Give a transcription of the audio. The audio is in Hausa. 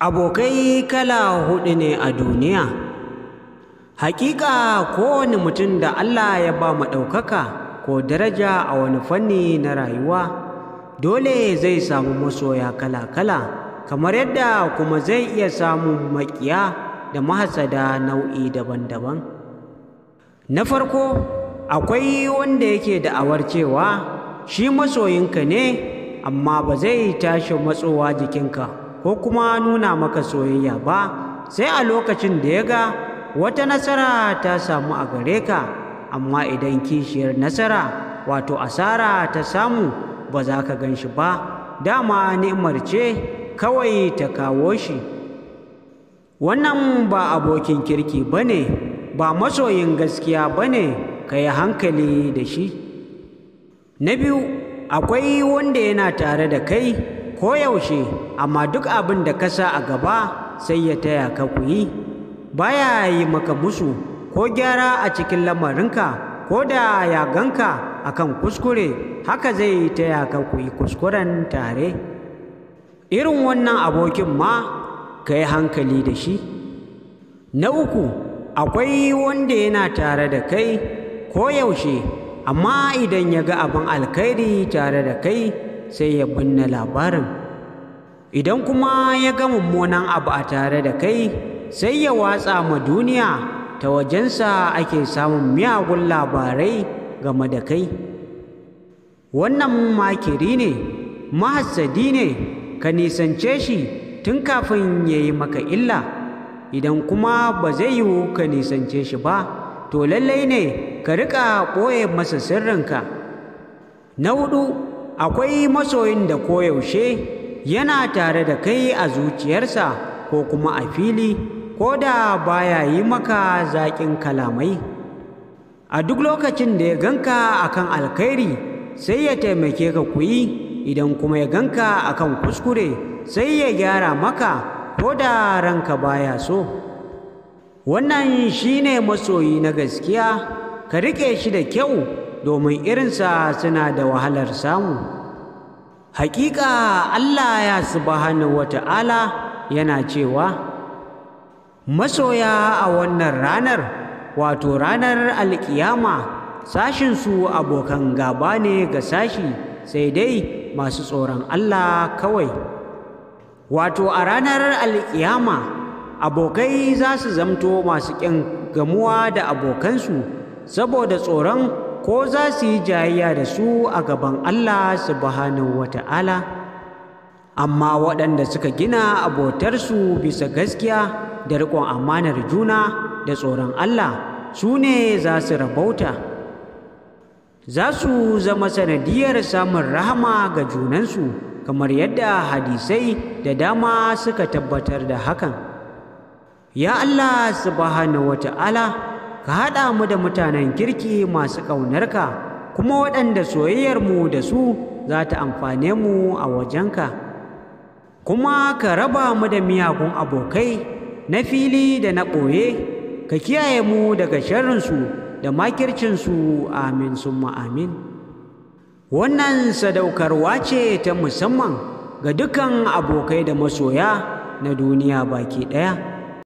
Abokai kala huɗu ne a duniya, haƙiƙa kowane mutum da Allah ya ba mu ɗaukaka ko daraja a wani fanni na rayuwa, dole zai samu masoya kala-kala, kamar yadda kuma zai iya samun maƙiya da mahasada nau'i daban-daban. Na farko, akwai wanda yake da awar cewa shi masoyinka ne, amma ba zai tashi matsowa jikinka. ko kuma nuna maka soyayya ba sai a lokacin da ya ga wata nasara ta samu a gare ka amma idan kishiyar nasara wato asara ta samu ba za ka gan shi ba dama ni'imar ce kawai ta kawo shi wannan ba abokin kirki ba ne ba masoyin gaskiya ba ne ka yi hankali da shi na biyu akwai wanda yana tare da kai koyaushe amma duk abin da ka sa a gaba sai ya taya ka ku yi baya yi maka musu ko gyara a cikin lamarinka ko da ya ganka kan kuskure haka zai yi taya ka ku yi kuskuren tare irin wannan abokin ma ka yi hankali da shi na uku akwai wanda yana tare da kai koyaushe amma idan ya ga abin alkhairi tare da kai sai ya binne labarin idan kuma ya ga mummunan abu a tare da kai sai ya watsa ma duniya ta wajensa ake samun miyagun labarai game da kai wannan makiri ne mahassadi ne ka nisance shi tun kafin ya yi maka illa idan kuma ba zai yiwu ka nisance shi ba to lallai ne ka riƙa ɓoye masa sirrinka na hudu akwai masoyin da koyaushe yana tare da kai a zuciyarsa ko kuma a fili ko da baya yi maka zaƙin kalamai a duk lokacin da ya ganka akan alkhairi sai ya taimake ka ku idan kuma ya ganka akan kuskure sai ya gyara maka ko da ranka baya so wannan shine masoyi na gaskiya ka riƙe shi da kyau domin irinsa suna da wahalar samu hakika Allah ya subhanahu wata'ala yana cewa masoya a wannan ranar wato ranar alkiyama sashinsu abokan gaba ne ga sashi sai dai masu tsoron Allah kawai wato a ranar alƙiyama, abokai za su zamto masu ƙin gamuwa da abokansu saboda tsoron ko za su yi jayayya da su a gaban Allah subhanahu wata'ala amma waɗanda suka gina abotarsu bisa gaskiya da riƙon amanar juna da tsoron Allah su ne za su rabauta za su zama sanadiyar samun rahama ga junansu kamar yadda hadisai da dama suka tabbatar da hakan ya Allah subhanahu wata'ala ka haɗa mu da mutanen kirki masu ƙaunarka kuma waɗanda soyayyarmu da su za ta amfane mu a wajenka kuma ka raba mu da miyagun abokai na fili da na ɓoye ka kiyaye mu daga sharrinsu da makircinsu amin summa amin wannan sadaukarwa ce ta musamman ga dukan abokai da masoya na duniya baki ɗaya.